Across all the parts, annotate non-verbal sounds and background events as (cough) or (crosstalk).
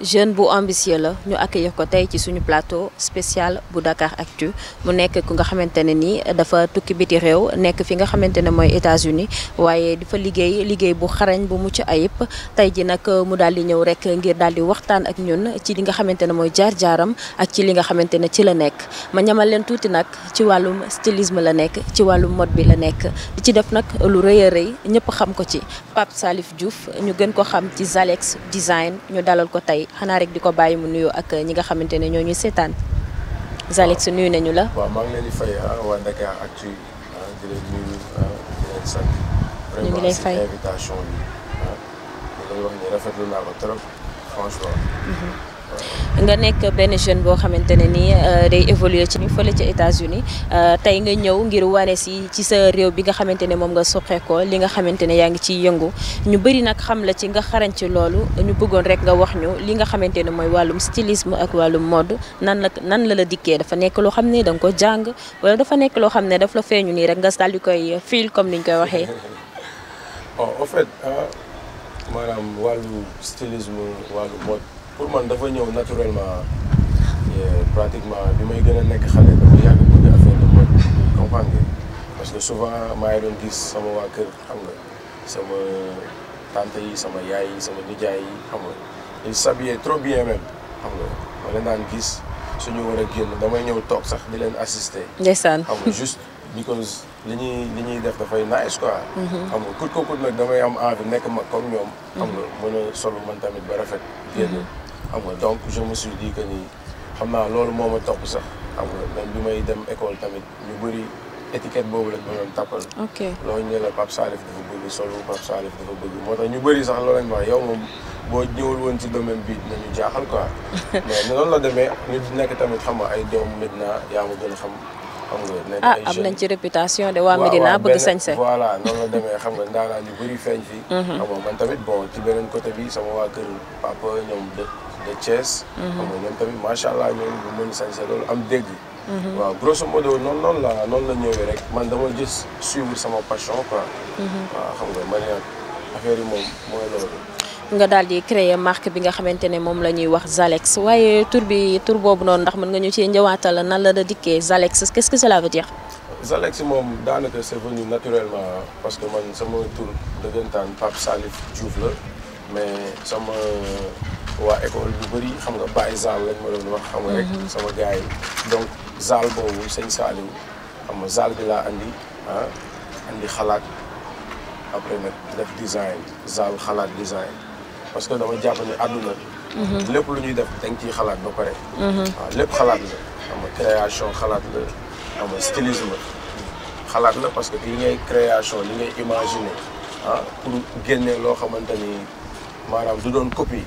jeune bu ambitieux la ñu accueillir ko tey ci suñu plateau spécial bu Dakar Actu mu nekk ku nga xamante ne nii dafa tukki biti réew nekk fi nga xamante ne mooy États-Unis waaye di fa liggéey liggéey bu xarañ bu mucc ayib tey ji nag mu daal di ñëw rek ngir daal di waxtaan ak ñun ci li nga xamante ne mooy jaar-jaaram ak ci li nga xamante ne ci la nekk ma ñamal leen tuuti nag ci wàllum stylisme la nekk ci wàllum mode bi la nekk di ci def nag lu rëy a rëy ñëpp xam ko ci Pape Salif Diouf ñu gën ko xam ci Zalex design ñu dalal ko tey xanaa rek di ko bàyyi mu nuyoo ak ñi nga xamante ne ñoo ñu seetaan. Zalex nuyu nañu la. waaw fay ah, ah, ah, ñu ngi lay fay nga nekk benn jeune boo xamante ne ni euh, day évoluer ci ni fële ci États-Unis euh, tey nga ñëw ngir wane si ci sa réew bi nga xamante ne moom nga suqeekoo li nga xamante ne yaa ngi ciy yëngu ñu bëri nag xam la ci nga xarañ ci loolu ñu bëggoon rek nga wax ñu li nga xamante ne mooy wàllum stylisme ak wàllum mode nan la nan la la dikkee dafa nekk loo xam ne danga ko jàng wala dafa nekk loo xam ne daf la feeñu nii rek nga daal di koy fil comme ni ñu koy waxee. (laughs) Oh, ah, pour man dafa ñëw naturellement pratiquement bi may gën a nekk xale dama yàgg bëgg affaire de mode comprendre nga parce que souvent maa ngi doon gis sama waa kër xam nga sama tante yi sama yaay yi sama nijaay yi xam nga ils s'habillaient trop bien même xam nga ma leen daan gis suñu war a génn damay ñëw toog sax di leen assister. ndeysaan xam nga juste because li ñuy li ñuy def dafay naa quoi. Mm-hmm. xam nga kut ko kut nag damay am envie nekk mag comme ñoom. xam nga mën a solo man tamit ba rafet. génn xam nga donc je me suis dit que xam naa loolu moo ma topp sax xam nga même bi may dem école tamit ñu bëri étiquette la Pape Salif dafa bëgg solo Pape Salif dafa bëgg moo tax ñu woon ci bi dinañu jaaxal quoi (laughs) mais ni noonu la demee ñu nekk tamit xam nga ay doomu Medina yaa ma a xam xam nga nekk ah am de waa Medina bëgg sañse voilà noonu la demee xam nga feeñ fii (laughs) mhm. xam nga tamit bon ci beneen côté bi sama waa kër papa ñoom dëkk de Thiès. Mhm. xam nga ñoom tamit macha allah ñoom ñu mën sañse loolu am dégg. Mhm. waaw grosso modo non, non, la non, la ñëwee rek man dama gis suivre sama passion quoi. Mhm. waaw xam nga man affaire yi moom mooy loolu. nga daldi créer marque bi nga xamante mom lañuy wax Zalex waye tour bi tour bobu non ndax mën nga ñu ci njëwaatal nan la da diké Zalex qu'est-ce que cela veut dire. Zalex moom daanaka c'est venu naturellement parce que man sama tur dëggantaan Pape Salif Diouf la mais sama. waa école yu bëri xam nga bàyyi zaal lañ ma doon wax xam nga rek mhm. sama gars donc zaal boobu sëñ Saliou xam nga zaal bi laa andi ah xalaat après nag def design zaal xalaat design parce que dama jàpp ni àdduna mhm. lépp lu ñuy def dañ ciy xalaat ba pare mhm. waaw lépp xalaat la xam nga création xalaat la xam nga stylisme xalaat la parce que li ngay création li ngay imaginer ah, pour génne loo xamante ni maanaam du doon copie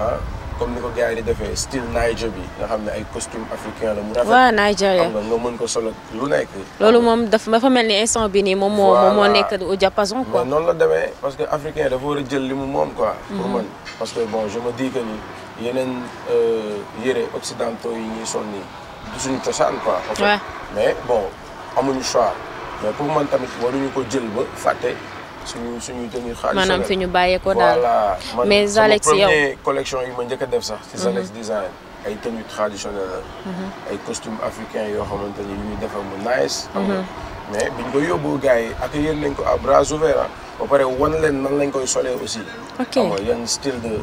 Hein? comme ni ko gars yi di defee style Niger bi nga xamné ay costume africain la mu rafet wa Nigeria xam nga mën ko solo lu nek lolou mom dafa dafa mel ni instant bi ni mom mo mo nek nekk au diapason quoi non la démé parce que africain dafa wara a jël li mu quoi pour mhm. man parce que bon je me dis que ni yenen euh yéré occidentaux yi ñi sonni du suñu cosaan quoi mais bon amuñu choix mais pour man tamit waruñu ko jël ba faté manam suñu tenir xaalis maanaam fi mais Zalex yow premier collection yi ma ñëk def sax ci mhm. alex design ay tenues traditionnelles mhm. ay costumes africains yo xamante ñuy defar mu nice mhm. mais biñ ko yobbu gaay ak yeen lañ ko à bras ouverts hein. ba pare wan leen nan lañ koy solee aussi ok yeen style de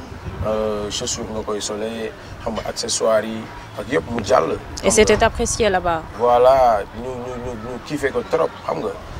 euh, chaussures nga koy solee xam nga accessoires yi ak yëpp mu jàll et c'était apprécié là-bas voilà ñu ñu ñu ñu kiffé ko trop xam nga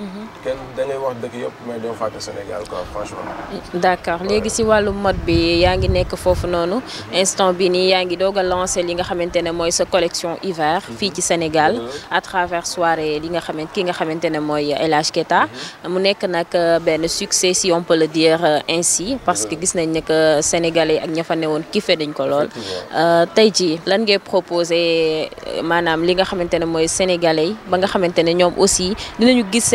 D'accord. Mm-hmm. da ngay wax dëkk yëpp mais doo fàtte Sénégal quoi franchement. Mm, d' si bi instant bi nii yaa ngi doog a lancé li nga xamante ne sa collection hiver. Mm-hmm. fille ci Sénégal mm-hmm. à travers soirée li nga xamante ki nga xamante ne mooy El Hadj Keita mu nekk euh, succès si on peut le dire euh, ainsi parce que gis nañ que sénégalais ak ña fa newoon kife dañ ko lool. Euh, tey jii lan ngay proposé maanaam li nga sénégalais ba nga aussi dinañu gis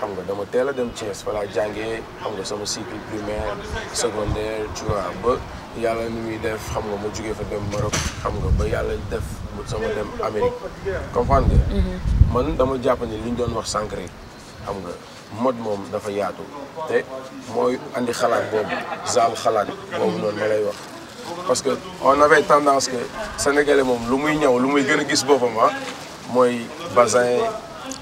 xam nga dama teel a dem Thiès fa laa jàngee xam nga sama cycle primaire secondaire tu vois ba yàlla ni muy def xam nga ma jugee fa dem Maroc xam nga ba yàlla def sama dem Amérique comprendre nga. Mhm. man dama jàpp ne li ñu doon wax sànq xam nga mode moom dafa yaatu te mooy indi xalaat boobu zaal xalaat boobu noonu ma lay wax. parce que on avait tendance que sénégalais moom lu muy ñëw lu muy gën a gis boppam ah mooy bazin.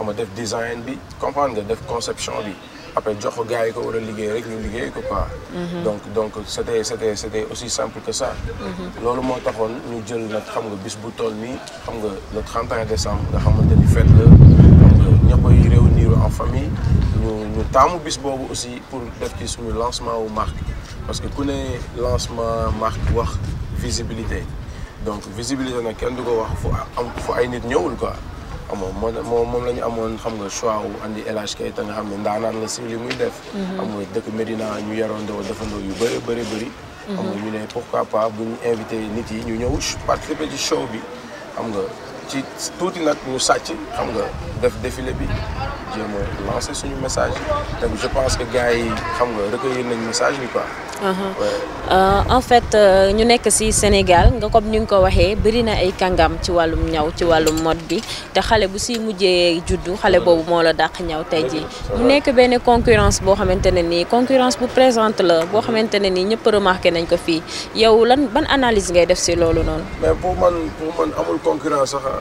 xam def design bi comprendre nga def conception bi après jox gars yi ko war a liggéey rek ñu liggéey ko quoi. Mhm. donc donc c' était c' était c' était aussi simple que ça. Mhm. loolu moo taxoon ñu jël nag xam nga bis bu toll nii xam nga le 31 décembre nga xamante ni fête la euh, ñëpp ay réunir en famille ñu ñu taamu bis boobu aussi pour def ci suñu lancement wu marque parce que ku ne lancement marque wax visibilité donc visibilité nag kenn du ko wax fu am fu ay nit ñëwul quoi. amoon moo moom la amoon xam nga choix wu andi El Hadj Keita nga xam ne ndaanaan la si li muy def mhm. xam nga dëkk Medina ñu yarondoo defandoo yu bëri bëri mhm. bëri xam ñu ne pourquoi pas bu ñu invité nit yi ñu ñëw participer ci show bi xam nga ci tuuti nag ñu sàcc xam nga def défilé bi jéem a lancer suñu message donc je pense que gars yi xam nga recueillir nañ message bi quoi. Uh-huh. Euh, en fait euh, ñu nekk ci Sénégal nga comme ni nga ko waxee bëri na ay kàngam ci wàllum ñaw ci wàllum mode bi te xale bu si mujjee juddu xale boobu moo la dàq ñaw tey jii. mu nekk benn concurrence boo xamante ne nii concurrence bu présente la boo xamante ne nii ñëpp remarqué nañ ko fii yow lan ban analyse ngay def ci loolu noonu. mais pour man pour man amul concurrence sax hein.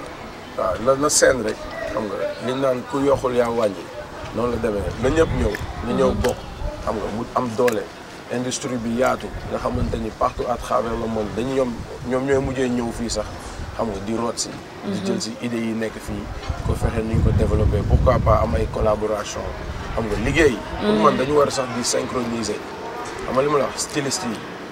waaw na na seen rek xam nga li ñu naan ku yoxul yaa wàññi noonu la demee na ñëpp ñëw ñu ñëw mm-hmm. bokk xam nga mu am doole industrie bi yaatu nga xamante ni partout à travers le monde dañu ñoom ñoom ñooy mujjee ñëw fii sax xam nga di root si di mm-hmm. jël si idées yi nekk fii ko fexe ni ñu ko développé pourquoi pas am ay collaboration xam nga liggéey pour man mm-hmm. dañu war a sax di synchroniser xam nga li ma la wax yi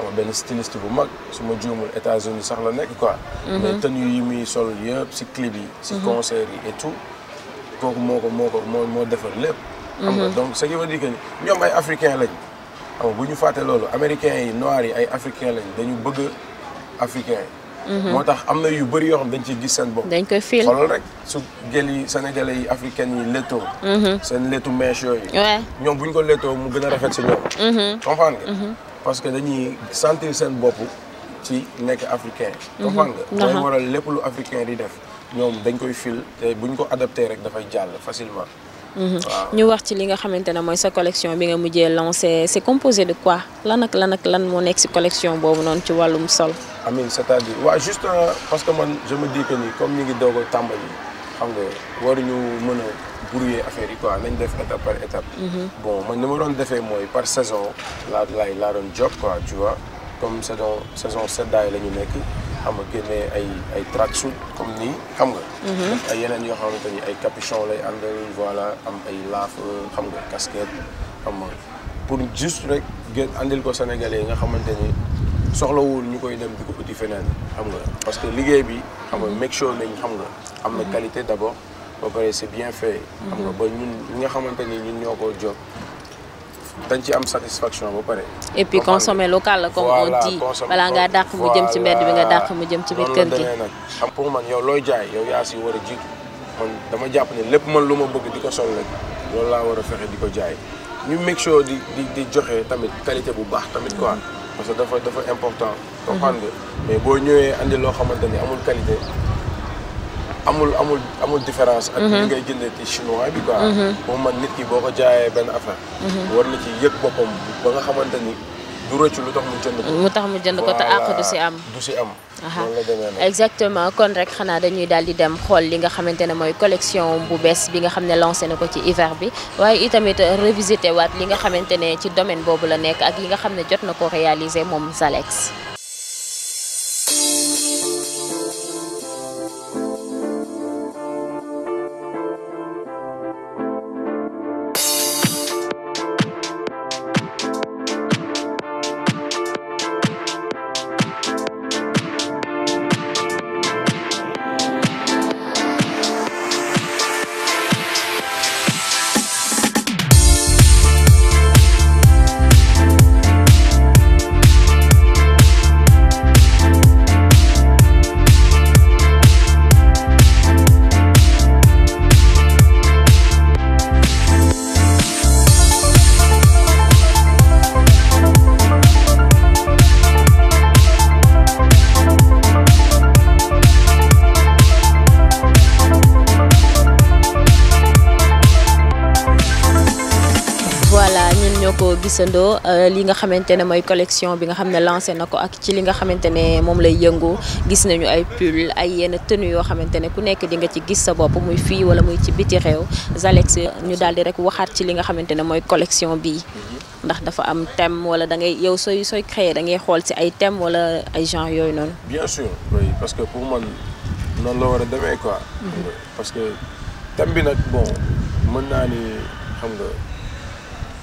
ama benn styliste bu mag su ma juumul États-Unis sax la nekk quoi mhm. mais tenue yi muy sol yëpp si clip yi si mhm. concert yi et tout kooku moo ko moo ko moo moo defar lépp xam nga mhm. donc ce qui veut dire que ñoom ay africain lañ xam nga bu ñu fàtte loolu américains yi noirs yi ay africain lañ dañu bëgg africain moo tax am na yu bëri yoo xam dañ ci gis seen bopp. dañ koy fil xoolal rek su gel yi sénégalais yi africaine yi létto. seen léttu mèche yooyu. ñoom bu ñu ko léttoo mu gën a rafet si ñoom. comprendre nga parce que dañuy sentir sen bopp ci nek africain. comprendre nga mhm. mooy waral lepp lu africain di def ñom dañ koy fil té buñ ko adapter rek da fay jall facilement. Mhm. ñu wax ci li nga xamante moy sa collection bi nga mujjé lancer c'est composé de quoi lan ak lan ak lan mo nek ci collection bobu non ci walum sol. amin c'est-à-dire wa juste euh, parce que man je me dis que ni comme ñu ngi dogo a xam nga waruñu ñu mëna brouiller affaire yi quoi nañ def étape par étape. Mhm. bon man ni ma doon defee mooy par saison la la la doon job quoi tu vois comme saison saison seddaay la ñu nekk xam nga génnee ay ay tracksuit comme nii xam nga. Mhm. ay yeneen yoo xamante ni ay capuchon lay àndal voilà am ay laaf xam nga casquette xam nga pour juste rek gën àndil ko Sénégalais yi nga xamante ni. soxlawul ñu koy dem di ko uti feneen xam nga parce que liggéey bi xam nga mhm. make sure nañ xam nga am na qualité d'abord ba c'est bien fait. xam nga mhm. ba ñun ñi nga xamante ni ñun ñoo ko jóg dañ ci am satisfaction bu paré et puis consommer local la comme on dit wala nga dàq mu jëm ci mbéd bi nga dàq mu jëm ci biir kër gi. nag pour man yow loy jaay yow yaasi wara war a man dama japp ne lepp man luma bëgg diko ko sol rek loolu laa war a fexe jaay ñu make sure di di di joxé tamit qualité bu baax tamit quoi. Mhm. parce que dafa dafa important. Mhm. comprendre nga mais bo ñëwé andi lo xamante amul qualité. amul amul amul différence. ak mhm. li ngay jëndee ci chinois bi quoi. pour mhm. man nit ki boo ko jaayee benn affaire. Mhm. lu tax mu jënd ko. te àq du si am. du am. exactement kon rek xanaa dañuy daal di dem xool li nga xamante ne mooy collection bu bees bi nga xam ne lancé na ko ci hiver bi waaye itamit revisité waat li nga xamante ne ci domaine boobu la nekk ak li nga xam ne jot na ko réaliser moom Zalex. gisandoo euh, li nga xamantene moy collection bi nga xam lancé nako ak ci li nga xamantene mom lay yëngu gis nañu ay pull ay yene tenue yo xamantene ku nekk di nga ci gis sa bop muy fi wala muy ci biti rew Zalex ñu daldi rek waxat ci li nga xamantene moy collection bi ndax dafa am thème wala da ngay yow soy soy créer da ngay xol ci ay thème wala ay genre yoy non bien sûr oui parce que pour man non la war a demee quoi. Mhm. parce que thème bi nak bon mën naa xam nga.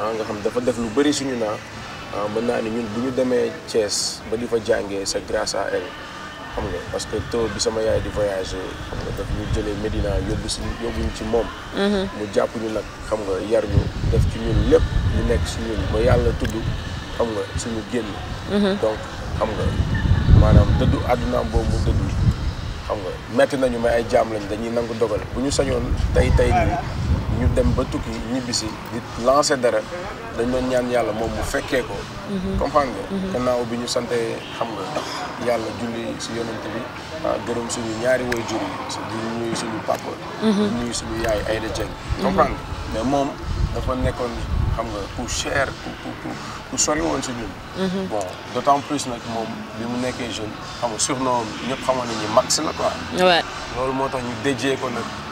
ah nga xam dafa def lu bëri suñu naa ah mën naa ni ñun bu ñu demee Thiès ba di fa jàngee c'est grâce à elle xam nga parce que taux bi sama yaay di voyager xam nga ñu jëlee Médina yóbbu si yóbbuñ ci moom. Mhm. mu jàpp ñu xam nga yar ñu def ci ñun lépp ñu nekk si ñun ba yàlla tudd xam nga suñu génn. Mhm. donc xam nga maanaam dëddu àddunaam boobu mu dëddu xam nga metti nañu mais ay jaam lañ dañuy nangu dogal bu ñu sañoon tey tey nii. ñu dem ba tukki ñibbisi di lancé dara dañ doon ñaan yàlla moom mu fekkee ko. Mhm. comprendre nga. Mhm. gannaaw bi ñu sante xam nga tax yàlla julli si yonent bi ah, gërëm suñu ñaari way jur yi di nuyu suñu papa. di mhm. nuyu suñu yaay Aïda Dieng. comprendre mais moom dafa nekkoon xam nga ku cher ku ku ku sori woon si ñun. bon d' autant plus nag moom bi mu nekkee jeune xam nga surnom ñëpp xamoon nañu max la quoi. waaw loolu moo tax ñu déjee ko nag.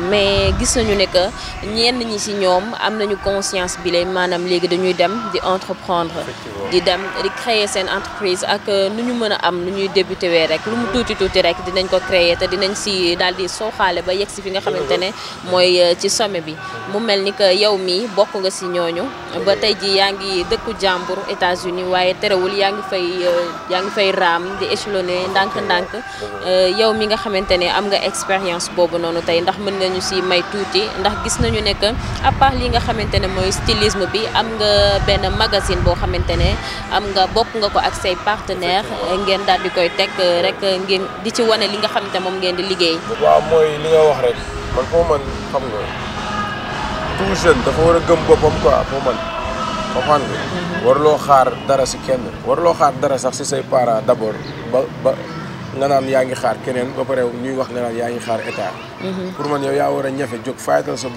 mais gis nañu ne que ñenn ñi ci ñoom am nañu conscience bi lay maanaam léegi dañuy dem di entreprendre di dem di créer seen entreprise ak euh, nu ñu mën a am nu ñuy débuté wee rek lu mu tuuti tuuti rek dinañ ko créer te dinañ si daal di sooxaale ba yegg si fi nga xamante ne mooy euh, ci sommet bi mu mel ni que yow mii bokk nga ci ñooñu ba tey ji yaa ngi dëkku jàmbur États-Unis waaye terewul yaa ngi fay euh, yaa ngi fay raam di échelonné ndànk-ndànk yow mi nga xamante ne am nga expérience boobu noonu tey nañu si may tuuti ndax gis nañu ne que à part li nga xamante ne mooy stylisme bi am nga benn magazine boo xamante ne am nga bokk nga ko ak say partenaire ngeen daal di koy teg eh, rek eh, ngeen di ci wane li nga xamante moom ngeen di liggéey. waaw mooy li nga wax rek man foo man xam nga tout jeune dafa war a gëm boppam quoi foo man comprendre nga. Mhm. warloo xaar dara si kenn warloo xaar dara sax si say parents d' abord ba ba. nga naan yaa xaar keneen ba pare ñuy wax nga naan yaa xaar état. Mhm. pour man yow yaa a sa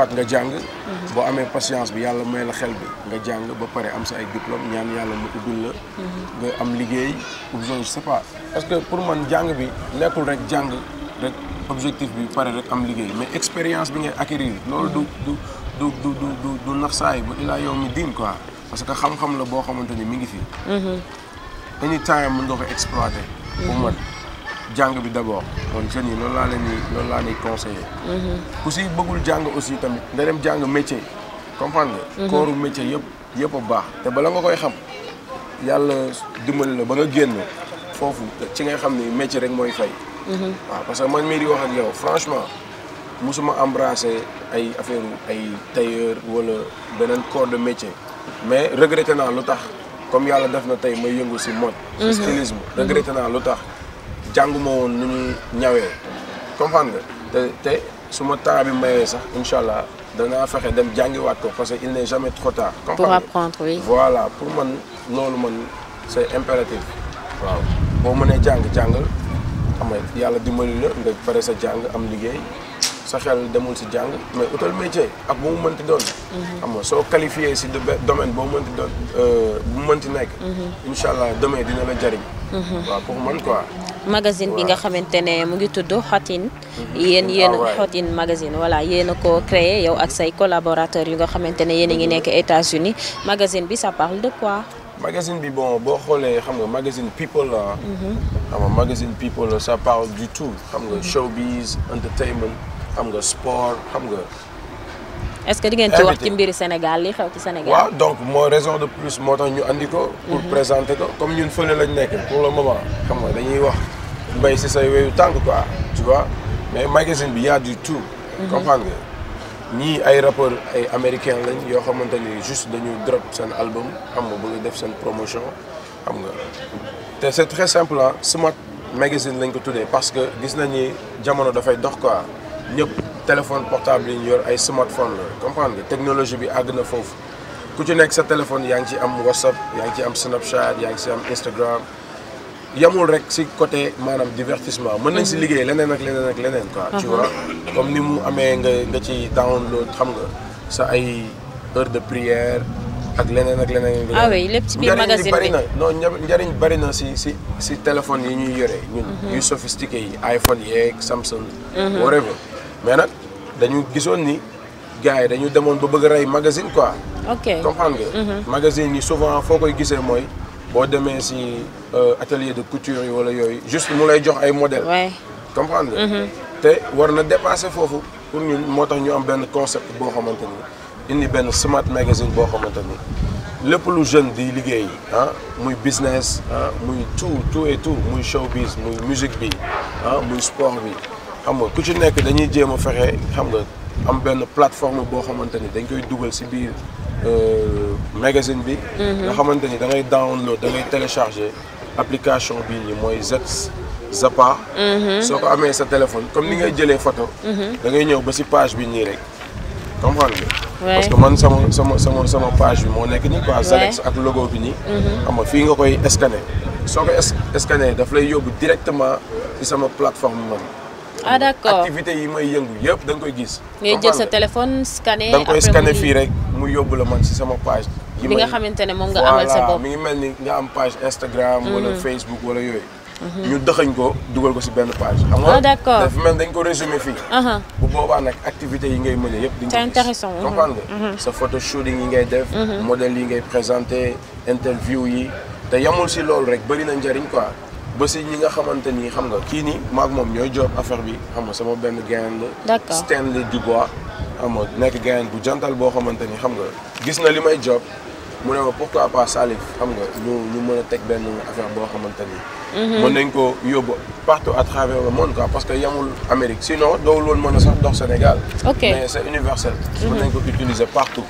soit nga un mhm. patience bi été may la xel bi nga diplômes, ba pare am diplôme mhm. je sais pas. parce que pour moi, l'objectif bi homme rek a rek objectif mais l'expérience bi ngay acquérir du du du du du du a yow mi été parce que xam-xam la anytime mën nga ko exploiter. Mhm. pour man jàng bi d' abord. kon jeunes yi loolu laa leen di loolu laa leen di conseiller. Mhm. bëggul jàng aussi tamit nga dem jàng métier comprendre nga. Mhm. kooru métier yëpp yëpp a baax te bala nga koy xam yàlla dimbali la ba nga génn foofu ci ngay xam ni métier rek mooy fay. waaw parce que man mii di wax ak yow franchement musuma embrasser ay affaire ay tailleur wala beneen corps de métier mais regretté naa lu tax. comme yàlla def na tey may yëngul si mode. si mhm. stylisme mhm. regretté naa lu tax jànguma woon nu ñuy ñawee. comprendre nga te te su ma temps bi mayee sax incha allah danaa fexe dem jàngiwaat ko parce que il n'est jamais trop tard. pour apprendre oui. voilà pour man loolu man c'est impératif. waaw boo mënee jàng jàngal yàlla dimbali la nga pare sa jàng am liggéey. sa xel demul si mais métier ak bu mu doon. Mhm. xam nga domaine doon euh, bu mhm. demain dina la jariñ. Mhm. quoi. magazine bi nga xamante mu ngi ah, magazine voilà a ko créé yow ak say collaborateurs nga ngi États-Unis magazine bi ça parle de quoi. magazine bi bon xam magazine people ah. magazine people ça parle du tout showbiz entertainment xam nga sport xam nga. est-ce que di ngeen ci wax ci mbiri Sénégal li xew ci Sénégal. waaw donc moo raison de plus moo tax ñu andi ko. pour mhm. présenter ko comme ñun fële lañ nek pour le moment xam nga dañuy wax mbay ci say wéyu tànk quoi tu vois mais magazine bi y a du tout. Mhm. comprendre nga ni ay rappeur ay américains lañ yo xamante juste dañu drop sen album xam nga bëgg def sen promotion xam nga te c'est très simple hein Smart magazine lañ ko tuddee parce que gis nañu jamono da fay dox quoi. ñëpp téléphone portable yi ñu yor ay smartphone la comprendre nga bi àgg na foofu ku ci nekk sa téléphone yaa ngi ci am whatsapp yaa ngi ci am snapchat yaa ngi ci am instagram yamul rek si côté maanaam divertissement mën nañ si mhm. liggéey leneen ak leneen ak leneen quoi tu mhm. comme ni mu amee nga nga ci download xam nga sa ay heure de prière ak leneen ak leneen ah oui lépp ci biir magasin bi na non njëriñ bari na si si si téléphone yi ñuy yore ñun mhm. yu sophistiqué yi iphone yeeg samsung whatever mais nak, dañu gisoon ni gars dañu demone ba bëgg ray magazine quoi. ok comprendre nga. Mhm. magazine ni souvent foo koy moy bo démé ci si euh, atelier de couture wala yoy juste mu lay jox ay modèles. Ouais. comprendre nga. Mhm. te war na dépasser fofu pour ñun motax ñu am ben concept bo xamanteni. indi ben smart magazine bo xamanteni. ni. lépp lu jeune di liggéey ah muy business ah muy tout tout et tout muy showbiz muy musique bi ah muy sport bi je nga une plateforme pour euh, magazine mhm. download télécharger l'application Zappa. Mhm. téléphone comme mhm. photo. da page bi est parce que man page bi page, nekk quoi. logo bi xam scanner. scanner directement sur ma plateforme ah d'accord activité yi may yëngu yëpp da nga koy gis. ngay jël sa téléphone scanner da nga koy scanner fii rek mu yóbbu la man si sama page. li nga xamante ne moom nga amal sa bopp mi ngi mel ni nga am page Instagram. Mhm. wala Facebook wala yooyu. Mhm. ñu dëxañ ko dugal ko si benn page. xam nga ah, dafa mel dañ ko résumé fii. bu boobaa nag activité yi ngay mën a yëpp. di nga gis mhm. comprendre sa photo shooting yi ngay def. modèle yi ngay présenté interview yi te yamul si loolu rek bëri na njëriñ quoi ba si ñi nga xamante ni xam nga kii nii maag moom ñooy job affaire bi xam nga sama benn gain la. d'accord Stanley Dubois xam nga nekk gain bu jantal boo xamante ni xam nga gis na li may job mu ne ma pourquoi pas Salif xam nga ñu ñu mën a teg benn affaire boo xamante ni. Mhm. mën nañ ko yóbbu partout à travers le monde quoi parce que yamul Amérique sinon doowul woon mën a sax dox Sénégal. ok mais c'est universel. Mhm. mën nañ ko utiliser partout.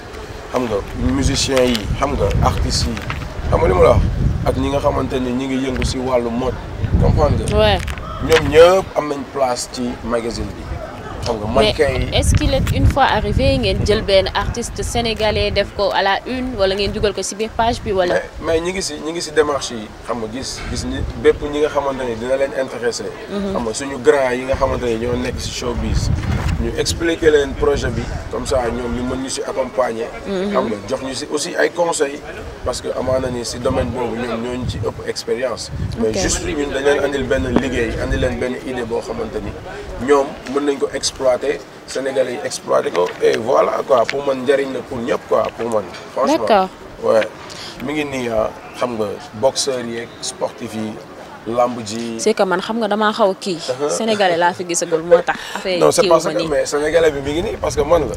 xam nga musiciens yi xam nga artistes yi xam nga li ma la wax. ak ñi nga xamante ni ñi ngi yëngu si wàllu mode comprendre nga. ñoom ñëpp am nañ place ci magazine bi. mais est-ce qu'il est une fois arrivé ngén jël benn artiste sénégalais def ko à la une wala ngén djugal ko ci bi page bi wala. mais ñi ngi ci ñi ngi ci démarche yi xam nga gis gis ni bép ñi nga xamante ni dina leen intéressé. Mhm. xam nga suñu grand yi nga xamante ni ñoo nekk si showbiz ñu expliquer leen projet bi comme ça ñom ñu mën ñu accompagner. Mhm. xam nga jox ñu aussi ay conseils parce que amana ni ci domaine bon, ñom ñoo ci ëpp expérience. mais juste ñun dañ leen andil benn liggéey andil leen benn idée bo xamante ñom ñoom nañ ko expliquer. exploité sénégalais exploité ko et voilà quoi pour man jariñ na pour ñep quoi pour man franchement d'accord ouais mi ngi ni ah, xam nga boxeur yi sportif yi lamb ji c'est que man xam nga dama xaw ki uh-huh. sénégalais la fi gissagul motax (laughs) affaire non c'est pas ça mais sénégalais bi mi ngi ni parce que man la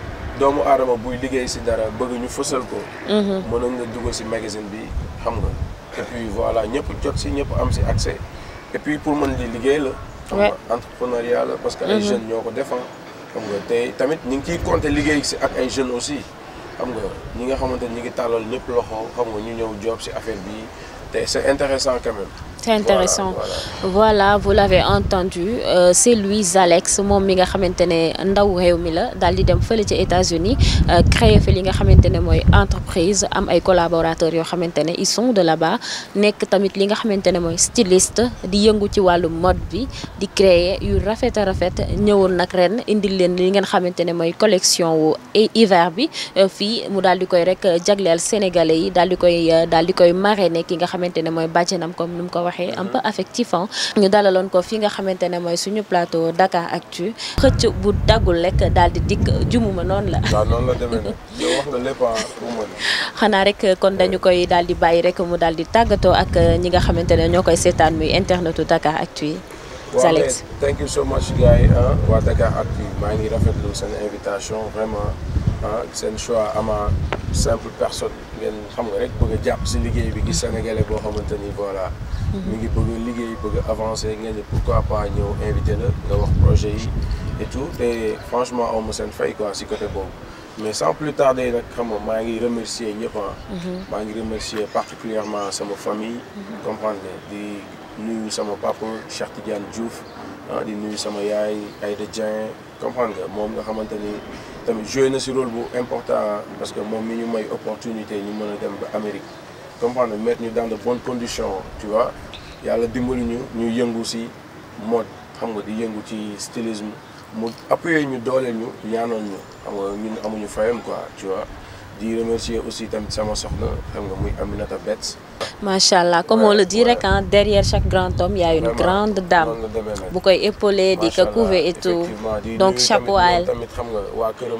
doomu aadama buy liggéey si dara bëgg ñu fësal ko. le nga si magazine bi xam nga. et puis voilà ñëpp jot si ñëpp am accès et puis pour mën li liggéey la. entrepreneuriat parce que les mhm. jeunes ñoo ko defan ah. xam nga te tamit ñu ciy liggéey si ak ay jeunes aussi xam nga ñi nga xamante ñi ngi tàllal ñëpp loxo xam nga ñu job affaire bi c'est intéressant quand même. C'est intéressant. Voilà, vous l'avez entendu euh, c'est Louise Alex moom mi nga xamante ndaw rewmi la daal di dem feulé ci États-Unis euh, créer fi li nga xamantene moy entreprise am ay collaborateurs yo xamantene ils sont de là-bas nek tamit li nga xamantene moy styliste di yëngu ci walu mode bi di créer yu rafet a rafet ñëwoon nag ren indi leen li nga xamantene moy collection wu hiver bi euh, fi mu daal di koy rek jagleel sénégalais yi daal di koy daal di koy marrainer ki nga xamantene moy mooy comme nu ko waxee un peu affectif hein ñu dalalon ko fi nga xamantene moy suñu plateau Dakar Actu xëcc bu dagul lek dal di dikk jumuma non la waaw non la demee nag yow wax nga lépp ah, xana rek kon dañu koy dal di bàyyi rek mu dal di tagato ak euh, ñi nga xamantene ñokoy sétane muy internetu Dakar Actu yi thank you so much guy yi ah, waa Dakar Actu maa ngi rafetlu sen invitation vraiment ah, seen choix ama simple personne ngeen xam nga rek bëgg japp ci si liggéey bi gis sénégalais bo xamante voilà Mhm. ñu ngi bëgg liggéey bëgg avancer ngeen ne pourquoi pas ñëw invité la nga wax projet yi et tout te franchement aw ma seen fay quoi si côté boobu mais sans plus tarder nag xam nga maa ngi remercier ñëpp ah. Mhm. maa ngi remercier particulièrement sama famille. Mhm. comprendre di nuyu sama papa Cheikh Tidiane Diouf ah di nuyu sama yaay Aïda Dieng comprendre nga moom nga xamante ni. tamit joué na si rôle bu important ah, parce que moom mi ñu may opportunité ñu mën a dem ba Amérique comprendre mettre ñu dans de bonnes conditions tu vois yàlla dimbali ñu ñu yëngu si mode xam nga di yëngu ci stylisme mu appuyer ñu dooleel ñu ñaanoon ñu xam nga ñun amuñu fayam quoi tu vois di remercier aussi tamit sama soxna xam nga muy Aminata Betts. machallah allah comme on le dit rek hein, derrière chaque grand homme il y a une grande dame bu koy épauler di ka couver et tout donc chapeau à elle tamit xam nga wa këram.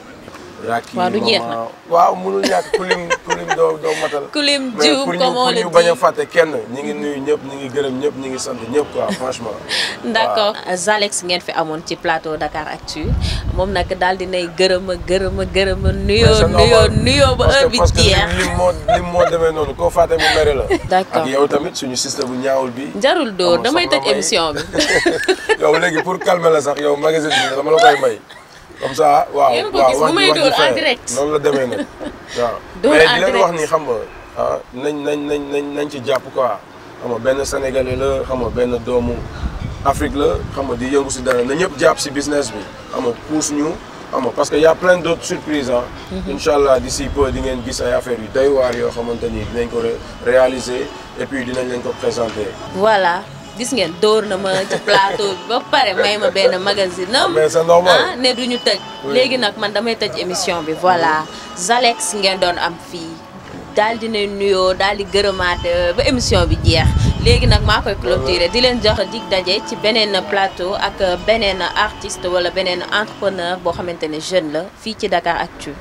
rakk waaw du jeex waaw mënul ñàkk kulim kulim doo doo matal. kulim jiw pour ñu bañ fàtte kenn ñi ngi nuyu ñëpp ñi ngi gërëm ñëpp ñi ngi sant ñëpp quoi franchement. (laughs) d' accord Zalex ngeen fi amoon ci plateau Dakar Actu moom nag daal di nay gërëm a gërëm a gërëm a nuyoo nuyoo ba heure bi jeex. parce que moo lim demee noonu koo fàtte mu mere la. (laughs) d' accord yow tamit suñu système bu ñaawul bi. jarul dóor damay tëj émission bi. (laughs) yow léegi pour calmer la sax yow magasin bi dama la koy may. comme ça ah, waaw waaw wax wax la (laughs) waaw mais di wax ni xam nga ah, nañ nañ nañ sénégalais la xam nga doomu Afrique la xam nga di yëngu dara si business bi xam nga parce que y' a plein d'autres surprises hein. mhm. ah. incha peu di ngeen gis ay affaires doy réaliser et puis dinañ leen présenter. voilà gis ngeen dóor na ci plateau bi ba pare ma mais normal ah ne duñu tëj léegi nag man damay émission bi voilà Zalex ngeen doon am fii daal euh, ba émission bi jeex léegi clôturer di leen jox dig ci plateau ak beneen artiste wala beneen entrepreneur boo xamante jeune la fii ci Dakar Actu